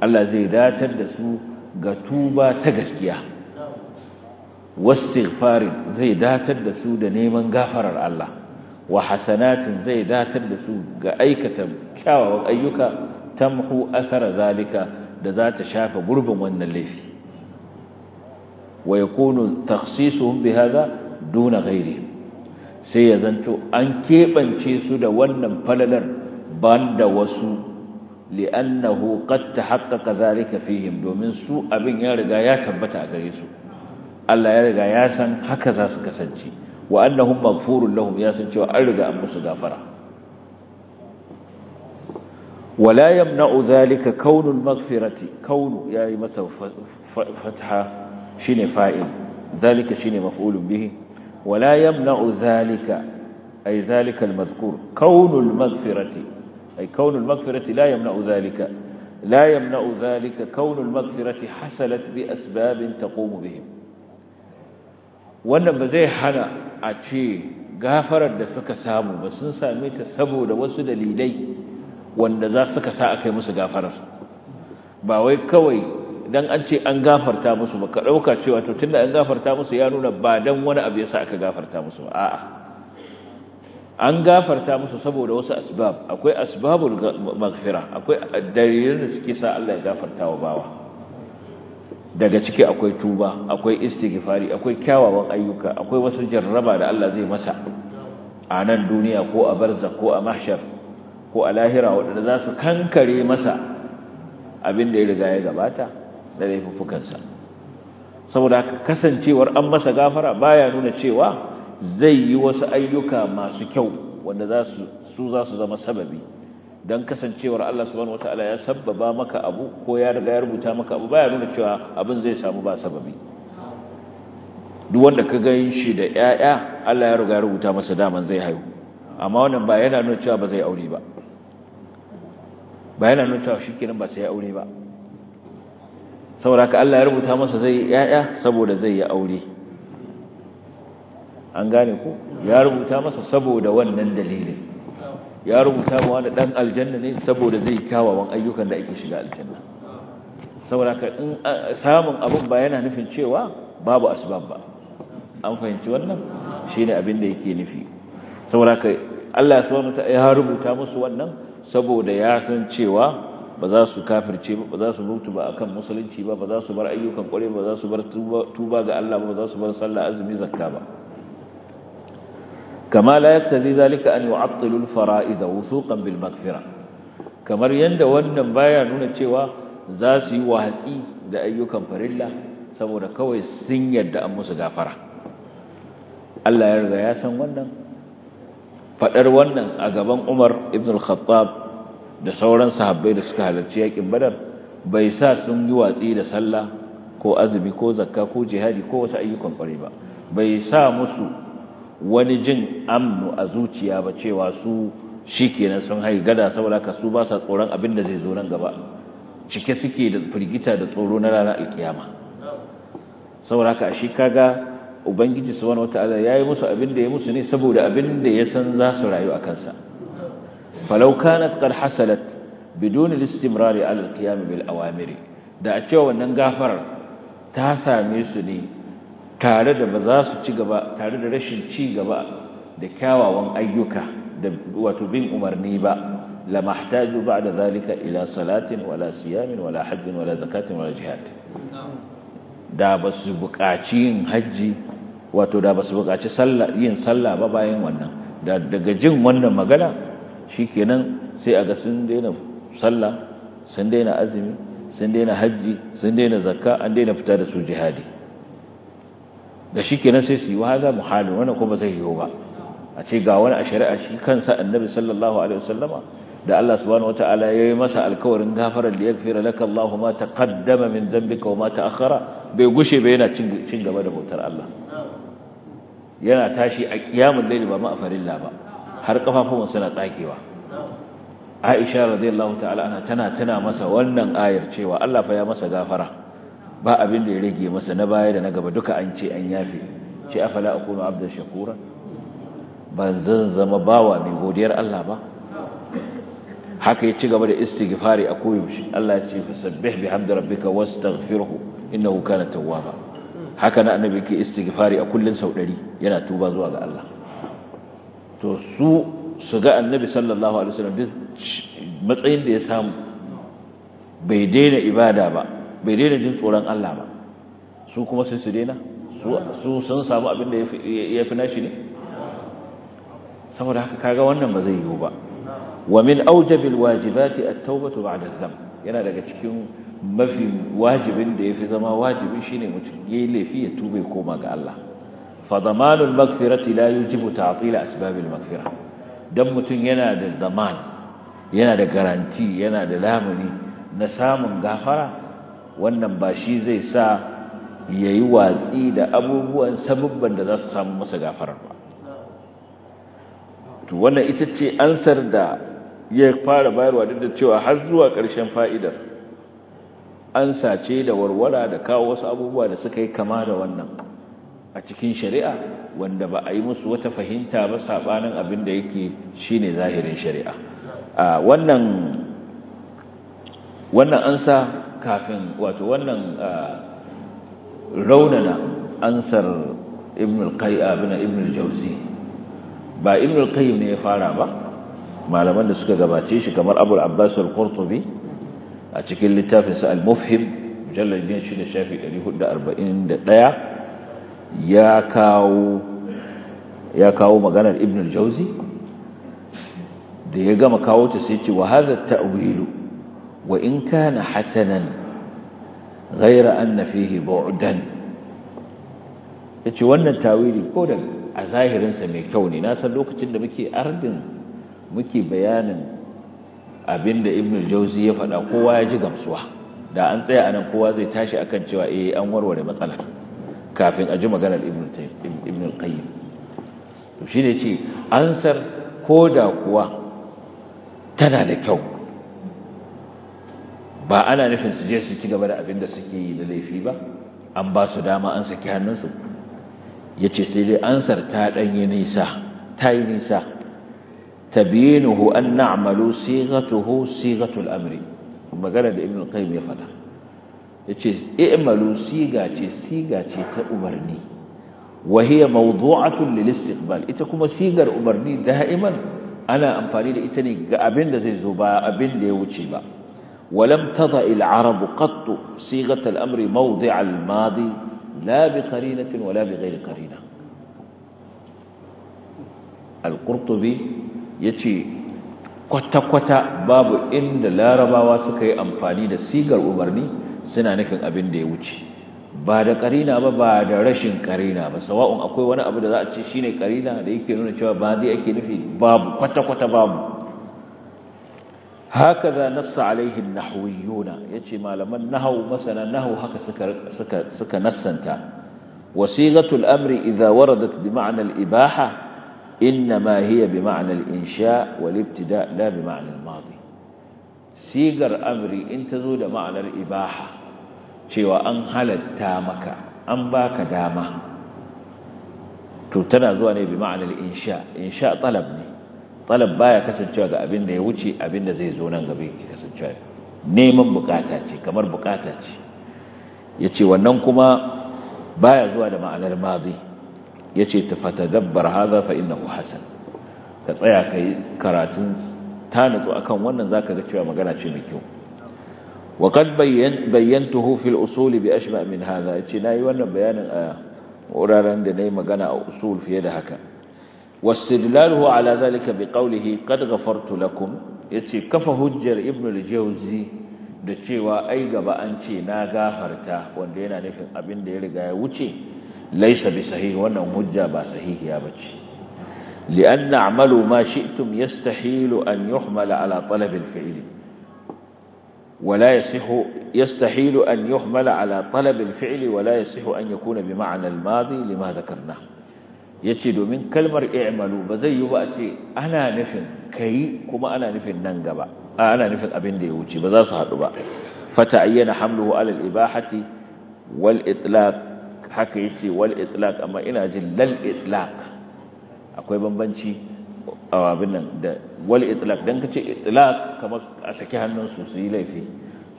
Allah zai datar da su ga tuba ta gaskiya wastighfarin zai datar da su da neman gafarar Allah wa hasanatin zai datar da su ga aikata kyawawan ayyuka tamhu athara zalika da za ta shafa gurbin wannan laifi wa yakunu takhsisuhum bihadha duna ghairihim sai ya zanto an keɓance su da wannan falalar ban da wasu لأنه قد تحقق ذلك فيهم دومن سوء أبن يرغى يتبت أغريسو ألا يرغى ياسن هكذا سكسنشي وأنهم مغفور لهم يسنشي وأرغى أمس غافرة ولا يمنع ذلك كون المغفرة كون يا متى فتحة شين فائل ذلك شين مفعول به ولا يمنع ذلك أي ذلك المذكور كون المغفرة أي كون المغفرة لا يمنع ذلك لا يمنع ذلك كون المغفرة حصلت بأسباب تقوم بهم وأنا بزي حنا أشي غافر الدفك سامو بس نسا ميت سبو دوسد ليدي وأن ذاتك ساك مس غافر باوي كوي dan an ce an gafarta musu baka dauka cewa to tunda an gafarta musu ya nuna ba dan wani abu yasa an gafarta musu saboda wasu asbab akwai asbabul maghfira akwai dalilin da suke sa Allah ya gafarta wa bawa daga ciki akwai tuba akwai istighfari akwai kyawawan ayyuka akwai wasu jarraba da Allah zai masa a nan duniya ko a barzakh ko a mahshar ko a lahira wadanda za su kankare masa abin da ya riga ya gabata da laifukansa saboda kasancewar an masa gafara baya nuna cewa zai yi wasu ayyuka masu kyau wanda su za su zama sababi don kasancewar Allah subhanahu wataala ya sababa maka abu ko ya riga ya rubuta maka abu baya nuna cewa abin zai samu ba sababi duk wanda ka ga shi da 'ya'ya Allah ya riga ya rubuta masa daman zai haihu amma wannan ba yana nuna cewa ba zai aure ba ba yana nuna cewa shikenan ba sai ya aure ba saboda haka Allah ya rubuta masa zai 'ya'ya saboda zai yi aure an gane ku? ya rubuta masa saboda wannan dalilin ya rubuta ma wani dan aljanna ne saboda zai kyawawan ayyukan da ake shiga aljanna saboda ka in samun abun ba yana nufin cewa babu asbab ba an fahimci wannan shine abin da yake nufi saboda ka Allah subhanahu wataala ya rubuta musu wannan saboda ya san cewa ba za su kafirce ba ba za su mutu ba akan musulunci ba ba za su bar ayyukan kware ba za su bar tuba ga Allah ba ba za su bar sallah azumi zakka ba kama zai yaktazi zalika an yu'attilu al-fara'id wusuqan bil maghfira kamar yadda wannan baya nuna cewa za su yi wahatsi da ayyukan farilla saboda kawai sun yadda an musu gafara Allah ya riga ya san wannan fadar wannan a gaban Umar ibn al-Khattab da sauran sahabbai da suka halarci yakin Badar bai sa sun yi watsi da sallah ko azumi ko zakka ko jihadi ko wasu ayyukan kware ba bai sa musu wani jin amnu a zuciya ba cewa su shi kenan sun haifi gada saboda ka su ba sa tsoron abin da zai zo nan gaba cike suke da firgita da tsoro na ranar alkiyama saboda ka shi kaga ubangiji su wani wata ya yi musu abin da ya musu ne saboda abin da ya san za su rayu a kansa falau kanat qad hasalat bidun al rari bil awamiri da a cewa wannan gafarar ta same su ne tare da ba za su ci gaba tare da rashin ci gaba da kyawawan ayyuka da wato bin umarni ba la mahtaju ba'da zalika ila salatin wala siyamin wala hajjin wala zakatin wala jihad da ba su buƙaci yin hajji wato da ba su buƙaci yin sallah ba bayan wannan da daga jin wannan magana shikenan sai a ga sun daina sallah sun daina azumi sun daina hajji sun daina zakka an daina fita da su jihadi da shi kenan sai su yi wa haza muhalin wannan kuma zai yiwu ba a ce ga wani a shari'a shi kansa annabi sallallahu alaihi wasallama da Allah subhanahu wataala yayi masa alkawarin gafarar da yaghfira laka Allahu ma taqaddama min dhanbika wa ma bai gushe ba yana cin gaba da bautar Allah yana tashi a kiyamul layli ba ma a farilla ba har kafafun suna tsakewa Aisha radiyallahu ta'ala anha tana tana masa wannan ayar cewa Allah fa ya masa gafara ba abin da ya rage masa na baya da na gaba duka an ce an yafe ce afala akunu abdan shakura ban zan zama bawa mai godiyar Allah ba haka ya ci gaba da istighfari a koyaushe Allah ya ce fasabbih hamdi rabbika wastaghfirhu innahu kana tawwaba haka na annabi ke istighfari a kullun sau yana tuba zuwa ga Allah to su su ga annabi sallallahu alaihi wasallam matsayin da ya samu bai daina ibada ba bai daina jin tsoron Allah ba su kuma sun su daina su sun samu abin da ya fi nashi ne saboda haka kaga wannan ba zai yiwu ba wa min aujabil wajibati at-taubatu ba'da dhanb yana daga cikin mafi wajibin da yafi zama wajibin shine mutum yayi laifi ya tube koma ga Allah fa zamanul maghfirati la yujibu ta'til asbabil maghfira dan mutum yana da zaman yana da garanti yana da lamuni na samun gafara wannan ba shi zai sa ya yi watsi da abubuwan sabubban da za su samu masa gafarar ba to wannan ita ce ansar da ya fara bayarwa duk da cewa har zuwa ƙarshen fa'idar an sace da warwara da kawo wasu abubuwa da suka yi kama da wannan a cikin shari'a wanda ba a yi musu wata fahimta ba saɓanin abin da yake ne zahirin shari'a wannan ansa kafin wato wannan raunana ansar ibn al-qayyim ibn al-jawzi ba ibn al-qayyim ne ya fara ba malaman da suka gabace shi kamar abul abbas al-qurtubi a cikin littafin sa al-mufhim mujalladin shi da shafi 441 ya kawo ya kawo maganar ibn al-jawzi da ya gama kawo ta sai ce wa hadha tawilu وإن كان حسنا غير أن فيه بعدا yace wannan tawili ko da a zahirin sa mai kyau ne na san lokacin da muke ardin muke bayanin abinda ibnu jauzi ya faɗa kowa ya ji gamsuwa da an tsaya anan kowa zai tashi akan cewa eh an warware matsalar kafin a ji maganar ibnu ibnu qayyim to shine ce ansar da kuwa tana da kyau ba ana nufin su je su ci gaba da abin da suke yi da laifi ba an ba su dama an saki hannunsu ya ce sai dai ansar ta ɗanyi nisa ta yi nisa tabinuhu an na'malu sigatuhu sigatul amri magana da ibn qayyim ya faɗa yace i'malu siga ce siga ce ta umarni wa hiya mawdu'atun lil istiqbal ita kuma sigar umarni da'iman ana amfani da ita ne ga abin da zai zo ba abin da ya wuce ba ولم تضع العرب قط صيغة الأمر موضع الماضي لا بقرينة ولا بغير قرينة القرطبي يتي كوتا كوتا باب إن لا ربا واسكي أمفاني دا سيغة الأمرني سنة نكن أبن ديوتي بعد قرينة أبا بعد رشين قرينة سواء أقوي وانا أبدا ذات شيني قرينة لأيكي نونة شوى بادي أكي نفي باب كتا كتا باب هكذا نص عليه النحويون يجي ما لما نهوا مثلا نهوا هكا سكا نصا وصيغة الأمر إذا وردت بمعنى الإباحة إنما هي بمعنى الإنشاء والابتداء لا بمعنى الماضي سيغر إن تزول معنى الإباحة شوى أنهل التامك أنباك دامه تتنظوني بمعنى الإنشاء إنشاء طلبني talab baya kasancewa ga abin da ya wuce abin da zai zo nan gaba ke kasancewa neman bukata ce kamar bukata ce yace wannan kuma baya zuwa da ma'anar ta yace dabbar haza fa innahu hasan ka tsaya kai karatun tanatu akan wannan zaka ga cewa magana ce mai kyau wa kad bayyantuhu fil usul bi ashba min haza yace yi wannan bayanin a wuraren da na yi magana a usul fiye da haka واستدلاله على ذلك بقوله قد غفرت لكم yace kafa hujjar ibn al-jawzi da cewa ai gaba an ce na gafarta wanda yana nufin abin da ya riga ya wuce laysa bi sahih wannan hujja ba sahihiya bace lian a'malu ma shi'tum yastahilu an yuhmala ala talab al-fi'l ولا يصح يستحيل أن يحمل على طلب الفعل ولا يصح أن يكون بمعنى الماضي لما ذكرناه ya ce domin kalmar i'malu ba zai yi ba a ce ana nufin kai kuma ana nufin nan gaba ana nufin abin da ya wuce ba za su haɗu ba fata ayyana hamluhu alal ibahati wal itlaq haka yace wal itlaq amma ina jin lal itlaq akwai bambanci a abin nan da wal itlaq dan kace itlaq kamar a saki hannun su su yi laifi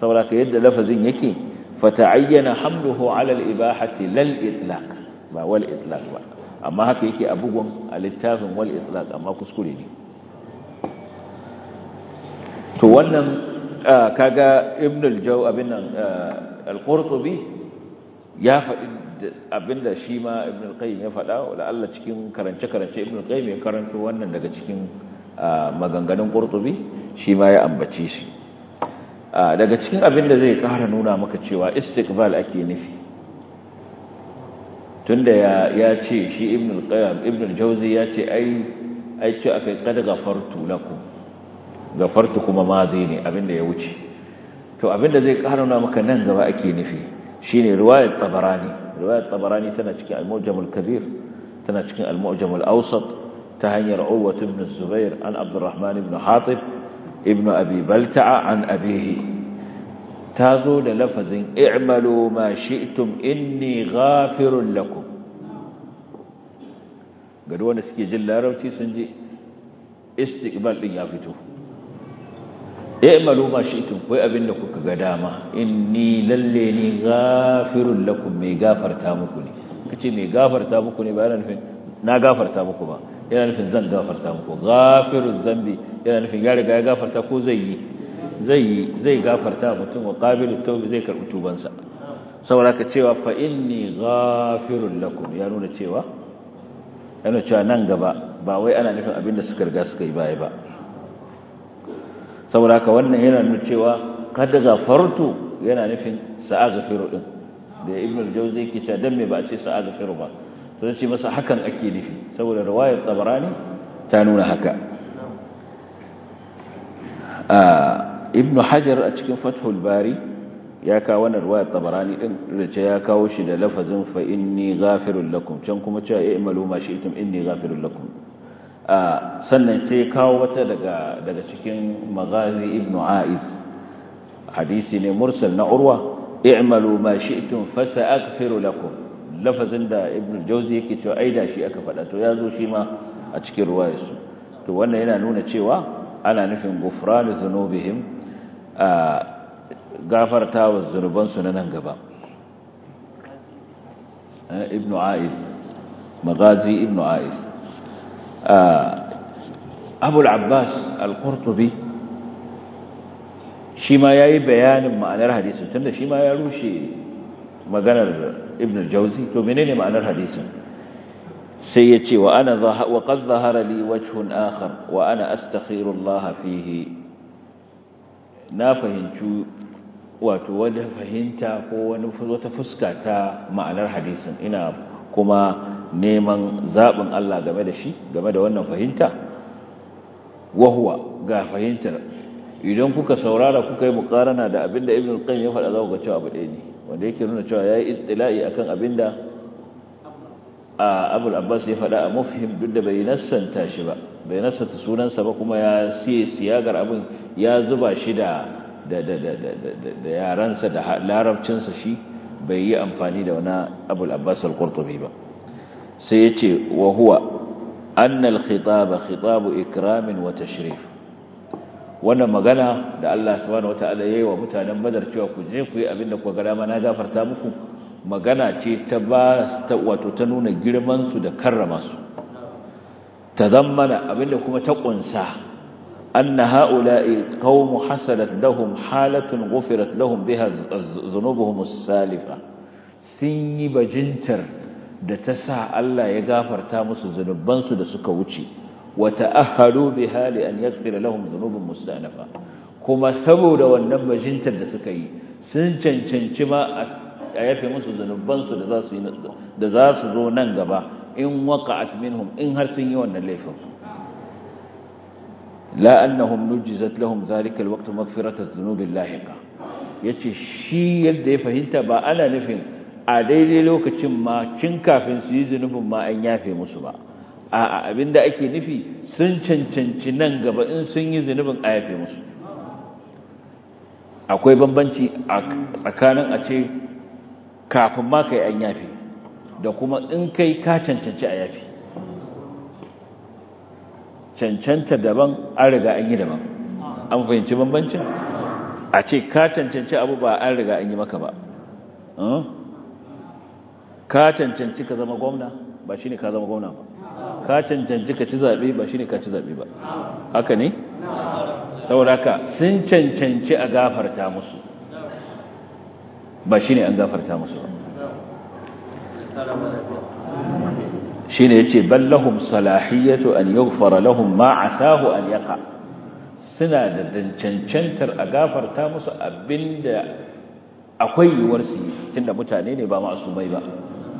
saboda ka yadda lafazin yake fata ayyana hamluhu alal ibahati lal itlaq ba wal itlaq ba amma haka yake a bugun a littafin wal islaq amma kuskure ne to wannan kaga ibn al-jaw abin al-qurtubi ya faɗi abinda shi ma ibn al-qayyim ya faɗa wala Allah cikin karance karance ibn al-qayyim ya karanto wannan daga cikin maganganun qurtubi shi ma ya ambace shi daga cikin abinda zai ƙara nuna maka cewa istiqbal ake nufi tunda ya ce shi ibn al-qayyim ibn al-jawzi ya ce ai ai ce akai kad gafartu lakum gafartu kuma mazi ne abinda ya wuce to abinda zai karuna maka nan gaba ake nufi shine riwayat tabarani riwayat tabarani tana cikin al-mu'jam al-kabir tana cikin al-mu'jam al-awsat ta hanyar Urwa ibn Zubair an Abdurrahman ibn Hatib ibn Abi Balta'a an abihi ta zo da lafazin i'malu ma shi'tum inni ghafirun lakum ga duk wanda suke jin larabci sun ji istiqbal din ya fito i'malu ma shi'tum kai abin da kuka ga dama inni lalle ni ghafirun lakum mai gafarta muku ne kace mai gafarta muku ne ba yana nufin na gafarta muku ba yana nufin zan gafarta muku ghafiruz zambi yana nufin ya riga ya gafarta ko zai yi zai zai gafarta mutum wa qabilu taubi zai karɓi tubansa saboda ka cewa fa ni gafirun lakun ya nuna cewa yana cewa nan gaba ba wai ana nufin abin da suka riga suka yi baya ba saboda ka wannan yana nuna cewa kada ghafartu yana nufin sa'a sa'aghfiru ɗin da ya al jau zai kica dan me ba a ce sa'aghfiru ba zai ce masa hakan ake nufi saboda riwayar tabarani ta nuna haka ah, ibn hajar a cikin fathul bari ya kawo wannan ruwaya tabarani din race ya kawo shi da lafazin fa inni ghafirul lakum can kuma cewa ya eh, imalu ma shi'tum inni ghafirul lakum sannan sai kawo wata daga daga cikin maghazi ibn aiz hadisi ne mursal na urwa i'malu ma shi'tum fasaghfiru lakum lafazin da ibn jawzi yake cewa ai da shi aka faɗa to ya zo shi ma a cikin ruwayarsu to wannan yana nuna cewa ana nufin gufranu zunubihim gafarta wa zunubansu na nan gaba ibnu a'id magazi ibnu a'id abul abbas al-qurtubi shi ma yayi bayanin ma'anar hadisin tunda shi ma ya rushe maganar ibnu jauzi to menene ma'anar hadisin sai ya ce wa ana wa qad zahara li wajhun akhar wa ana astaghfirullah fihi na fahimci wato wani fahimta ko wani wata fuska ta ma'anar hadisin ina kuma neman zaɓin Allah game da shi game da wannan fahimta wahuwa ga fahimtar idan kuka saurara kuka yi mukarana da abinda ibn al ya faɗa za ku ga cewa abu ɗaya ne wanda yake nuna cewa ya yayi ittila'i akan abinda abul abbas ya faɗa a mufhim duk da bai nassanta shi ba bai nasata sunansa ba kuma ya siye siyagar abin ya zuba shi da da yaransa da larabcinsa shi bai yi amfani da wani abul abbas al-qurtubi ba sai yace wa huwa annal al-khitaba khitabu ikramin wa tashrif wannan magana da Allah subhanahu wataala yayi wa mutanen badar cewa ku je ku yi abinda ku ga dama na gafarta muku magana ce ta ba ta wato ta nuna girman su da karrama su tazammana abinda kuma ta ƙunsa, kunsa anna haula'i qaumu hasalat lahu halatun ghufirat lahum biha dhunubuhum as-salifa sun yi bajintar da ta sa Allah ya gafarta musu zunubansu da suka wuce wa ta'ahhalu biha li an yaghfira lahum dhunubun mustanafa kuma saboda wannan bajintar da suka yi sun cancanci ma a yafe musu zunubansu da za su zo nan gaba in waqa'at minhum in har sun yi wannan laifin la annahum nujizat lahum zalika alwaqt maghfirata dhunubi lahiqa yace shi yadda ya fahimta ba ana nufin a daidai lokacin ma cin kafin su yi zunubin ma an yafe musu ba a'a abinda ake nufi sun cancanci nan gaba in sun yi zunubin a yafe musu akwai bambanci tsakanin a ce kafin ma kai an yafe da kuma in kai ka cancanci a yafi cancanta daban an riga an yi daban an fahimci bambancin a ce ka cancanci abu ba an riga an yi maka ba hmm? ka cancanci ka zama gwamna ba shi ne ka zama gwamna ba ka cancanci ka ci zaɓe ba shi ne ka ci zaɓe ba haka ne saboda haka sun cancanci a gafarta musu ba shi ne an gafarta musu ba shi yace ce lahum salahiyatu an fara lahum ma asahu an yaka suna da cancantar a gafarta musu abinda akwai yiwuwar su tunda mutane ne ba mai ba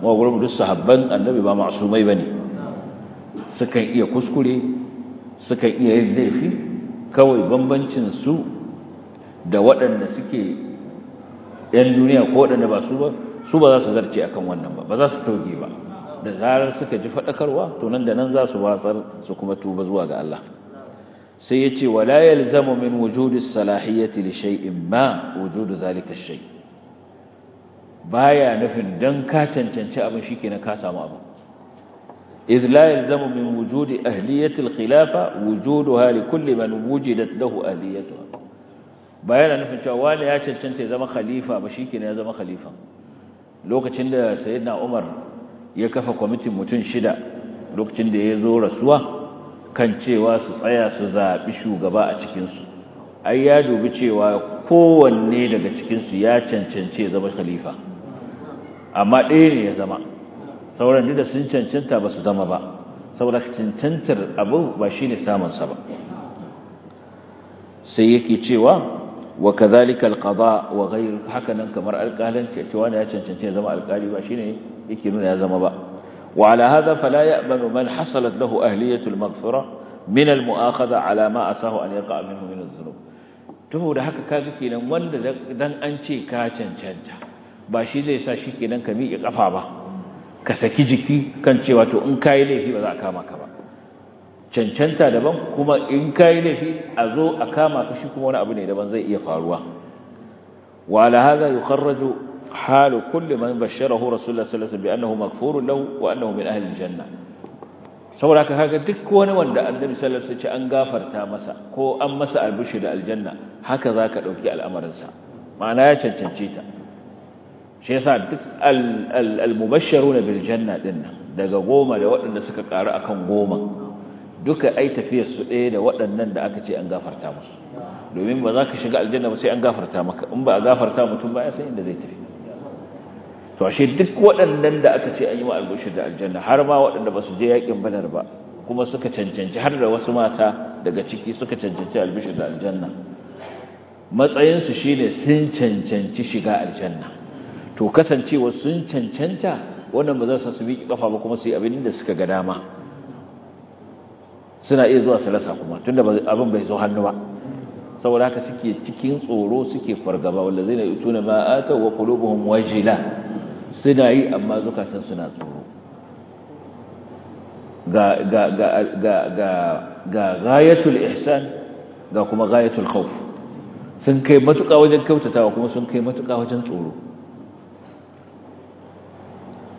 mu gurin duk sahabban annabi ba ba ne. sukan iya kuskure sukan iya yin laifi kawai bambancin su da waɗanda suke 'yan duniya ko waɗanda ba su ba su ba za su zarce akan wannan ba ba za su toge ba da zarar suka ji faɗakarwa to nan da nan za su watsar su kuma tuba zuwa ga Allah sai yace wala yalzamu min wujudis salahiyati li shay'in ma wujudu zalika shay baya nufin dan ka cancanci abin shikenan ka samu abin إذ لا يلزم من وجود أهلية الخلافة وجودها لكل من وجدت له أهليتها بيانا ya شوالي هاتشن تنتي زم خليفة بشيكين ya zama Khalifa. lokacin da sayyidina Umar ya kafa kwamitin mutum shida lokacin da ya zo rasuwa kan cewa su tsaya su zaɓi shugaba a cikinsu ai ya dubi cewa kowanne daga cikinsu ya cancance zama khalifa amma ɗaya ne ya zama sauran duk da sun cancanta ba su zama ba saboda cancantar abu ba shi shine samunsa ba sai yake cewa wa kadhalika alqada wa ghayr hakanan kamar alqalan cewa ya cancanci ya zama alqali ba shine yake nuna ya zama ba wa ala hadha fala ya'manu man hasalat lahu ahliyatu almaghfira min almu'akhadha ala ma asahu an yaqa minhu min adh-dhunub to da haka kaga kenan wanda dan an ce ka cancanta ba shi zai sa shi kenan ka miƙe kafa ba ka saki jiki kan cewa to in kai laifi ba za a kama ka ba cancanta daban kuma in yi laifi a zo a kama ka shi kuma wani abu ne daban zai iya faruwa wa ala hadha yukharraju halu kulli man basharahu rasulullah sallallahu alaihi wasallam bi maghfurun lahu wa annahu min ahli aljanna saboda haka kaga duk wani wanda annabi sallallahu alaihi wasallam an gafarta masa ko an masa albushi da aljanna haka zaka dauki al'amarin sa ma'ana ya cancance ta shi yasa duk al-mubashsharuna bil janna dinnan daga goma da waɗanda suka karu akan goma duka ai tafiyar su ɗaya da waɗannan da aka ce an gafarta musu domin ba za ka shiga aljanna ba sai an gafarta maka in ba a gafarta mutum ba ya san inda zai tafi to ashe duk waɗannan da aka ce an yi wa da aljanna har ma waɗanda ba su je yakin badar ba kuma suka cancanci har da wasu mata daga ciki suka cancanci albishir da aljanna matsayinsu shine sun cancanci shiga aljanna to kasancewa sun cancanta wannan ba za su miƙi kafa ba kuma su yi abin da suka ga dama suna iya zuwa su rasa kuma tunda abin bai zo hannu ba saboda haka suke cikin tsoro suke fargaba zai yi yutuna ma atau wa kulubuhun wajila suna yi amma zukatan suna tsoro ga gayatul ihsan ga kuma gayatul khauf sun kai matuka wajen kyautatawa kuma sun kai matuƙa wajen tsoro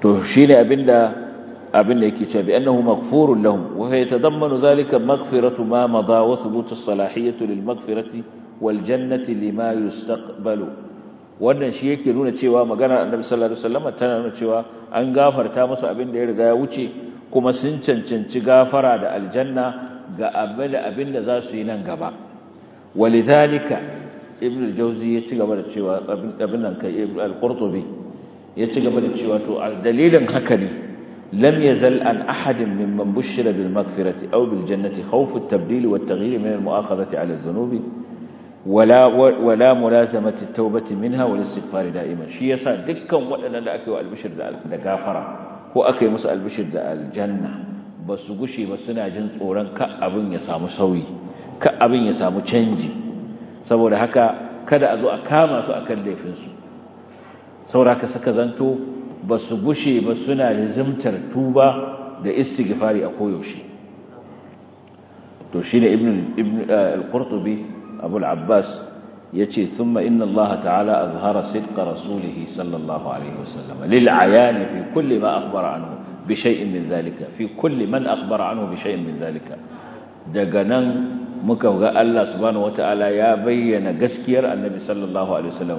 to shi abin da. abin da yake cewa bi annahu maghfurun lahum wa yatadammanu zalika maghfiratu ma madha wa thubutu salahiyatu lil maghfirati wal jannati lima yustaqbalu wannan shi yake nuna cewa magana annabi sallallahu alaihi wasallam tana nuna cewa an gafarta musu abin da ya riga ya wuce kuma sun cancanci gafara da aljanna ga abin da abin da za su yi nan gaba walidhalika ibn al-jawzi ya ci gaba da cewa abin nan kai ibn al-qurtubi ya ci gaba da cewa to dalilin haka ne لم يزل عن أحد ممن بشر بالمغفرة أو بالجنة خوف التبديل والتغيير من المؤاخذة على الذنوب ولا, ولا ملازمة التوبة منها والاستغفار دائما شيء صار دكم وأنا لا أكي والبشر ذا قافرة هو أكي مسأل البشر ذا الجنة بس قشي بسنا جنس أوران كأبن يسام سوي كأبن يسام تشنجي سبور هكا كذا أزو أكاما سأكل لي فنسو سورا كسكا زنتو ba su gushe ba suna lizimtar tuba da istighfari a koyaushe to shi ne ibn eh, al-qurtubi abu al-abbas ya ce thumma inna allaha ta'ala azhara sidqa rasulihi sallallahu alaihi wasallam lil ayani fi kulli ma akhbara anhu bi shay'in min zalika fi kulli man akhbara anhu bi shay'in min zalika daga nan muka ga Allah subhanahu wata'ala ya bayyana gaskiyar annabi sallallahu alaihi wasallam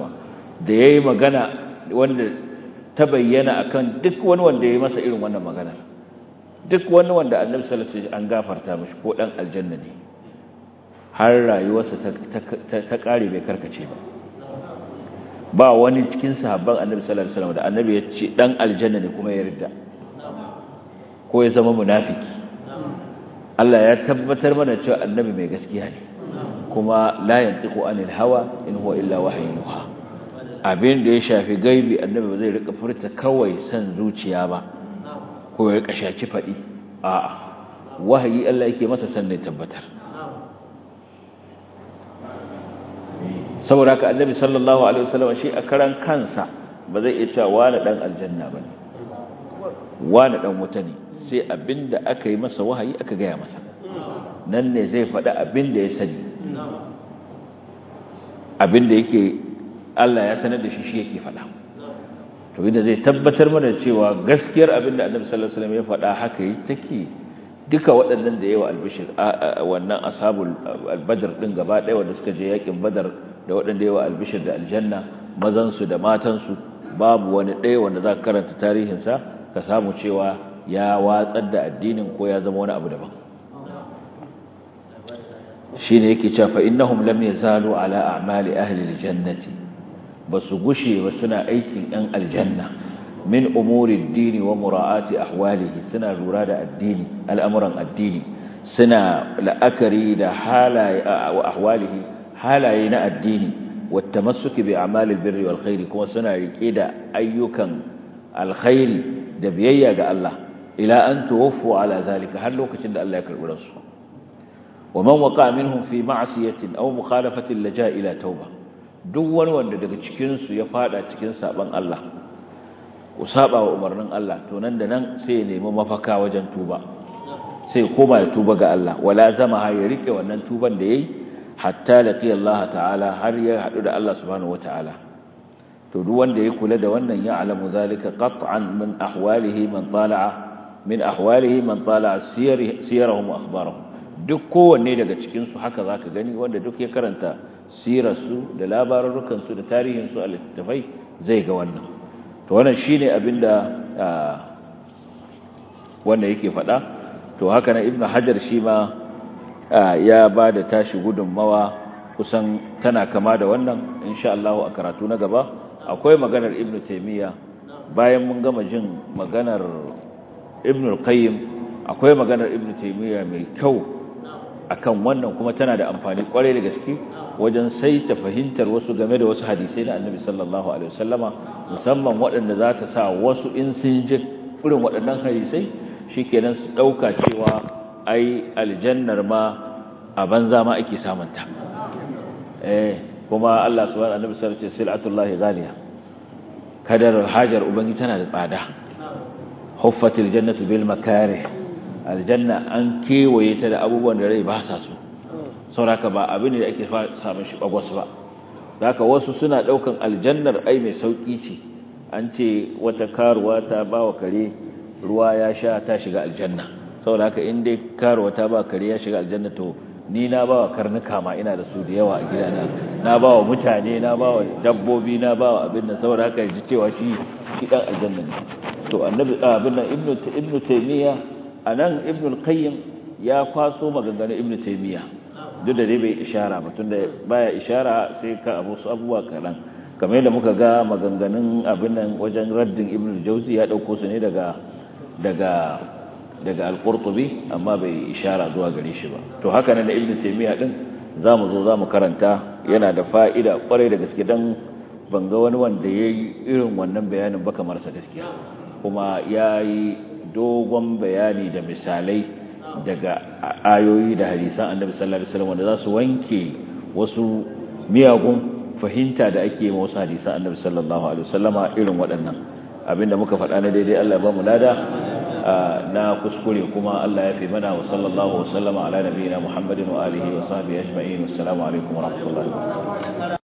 da yayi magana wanda ta bayyana akan duk wani wanda ya masa irin wannan maganar duk wani wanda annabi sallallahu an gafarta mashi ko dan aljanna ne har rayuwarsa ta kare bai karkace ba ba wani cikin sahabban annabi sallallahu alaihi wasallam da annabi ya ce dan aljanna ne kuma ya yarda ko ya zama munafiki Allah ya tabbatar mana cewa annabi mai gaskiya ne kuma la yantiqu anil hawa in huwa illa wahyun yuha abin da ya shafi gaibi annabi ba zai rika furta kawai san zuciya ba ko ya rika shaci faɗi a'a wahayi Allah yake masa sannan tabbatar saboda haka annabi sallallahu alaihi wasallam shi a karan kansa ba zai iya cewa wani dan aljanna ne. wani dan wuta ne sai abinda aka yi masa wahayi aka gaya masa nan ne zai faɗi abinda ya sani abinda yake Allah ya sanar da shi shi yake faɗa to inda zai tabbatar mana cewa gaskiyar abin da annabi sallallahu alaihi wasallam ya faɗa haka yi take duka waɗannan da yawa albishir wannan ashabul albadr din gaba ɗaya wanda suka je yakin badar da waɗanda yawa albishir da aljanna mazan su da matan su babu wani ɗaya wanda za ka karanta tarihin sa ka samu cewa ya watsar da addinin ko ya zama wani abu daban shine yake cewa fa innahum lam yazalu ala a'mali ahli aljannati ba su gushe ba suna aikin ‘yan aljanna min umurin dini wa mura'ati ahwalihi suna lura da addini al'amuran addini suna la'akari da halaye halaye na addini wata masuki bi amalil birri wal kuma suna rike da ayyukan alkhairi da biyayya ga Allah ila an tuwaffu ala zalika har lokacin da Allah ya karbi ransu wa man waqa minhum fi ma'siyatin aw mukhalafatin laja ila tauba duk wani wanda daga cikinsu ya fada cikin saban Allah ku saba wa umarnin Allah to nan da nan sai ya nemi mafaka wajen tuba sai koma ya tuba ga Allah wala zama ha ya rike wannan tuban da yayi hatta laqiya Allah ta'ala har ya hadu da Allah subhanahu wataala to duk wanda ya kula da wannan ya alamu zalika qat'an min ahwalihi man tala'a min ahwalihi man tala'a akhbarahum duk kowanne daga cikin su haka zaka gani wanda duk ya karanta sirarsu da labarurukansu da tarihinsu a littattafai zai ga wannan to wannan shi ne abinda wanda yake faɗa to haka na Ibn hajar shi ma ya ba da tashi gudunmawa kusan tana kama da wannan insha Allah a karatu na gaba akwai maganar Ibn taymiya bayan mun gama jin maganar Ibn qayyim akwai maganar Ibn Taimiyya mai kyau akan wannan kuma tana da amfani kwarai da gaske wajen saita fahimtar wasu game da wasu hadisai na annabi sallallahu alaihi wasallama musamman waɗanda za ta sa wasu in sun ji irin waɗannan hadisai shikenan su ɗauka cewa ai aljannar ma a banza ma ake samunta eh kuma Allah subhanahu annabi sallallahu alaihi wasallam silatullahi ghaliya kadar hajar ubangi tana da tsada huffatil jannatu bil makarih aljanna an kewaye ta da abubuwan da rai ba sa so sauraka ba abin ne da ake samun shi bagwas ba zaka wasu suna daukan aljannar ai mai sauki ce an ce wata karuwa ta bawa kare ruwa ya sha ta shiga aljanna saboda haka in dai karuwa ta ba kare ya shiga aljanna to ni na bawa karnuka ma ina da su da yawa a gida na Na bawa mutane na bawa dabbobi na bawa abin nan saboda haka ji cewa shi dan aljanna ne to annabi abin nan ibnu ibnu taymiya anan ibnu qayyim ya kwaso maganganun ibnu taymiya duk da dai bai ishara ba tunda baya ishara sai ka abu su abubuwa kaɗan kamar yadda muka ga maganganun abin nan wajen raddin ibnu jauzi ya ɗauko su ne daga daga daga al amma bai ishara zuwa gare shi ba to haka nan da ibnu taymiya din zamu zo zamu karanta yana da fa'ida kwarai da gaske dan ban ga wani wanda yayi irin wannan bayanin ba kamar sa gaskiya kuma ya yi dogon bayani da misalai daga ayoyi da hadisan annabi sallallahu alaihi wasallam wanda za su wanke wasu miyagun fahimta da ake yi wasu hadisan annabi sallallahu alaihi wasallama irin waɗannan abinda muka faɗa na daidai Allah ya ba mu lada na kuskure kuma Allah ya fi mana wa sallallahu wa sallama ala nabiyina Muhammadin wa alihi wa sahbihi ajma'in assalamu alaikum wa rahmatullahi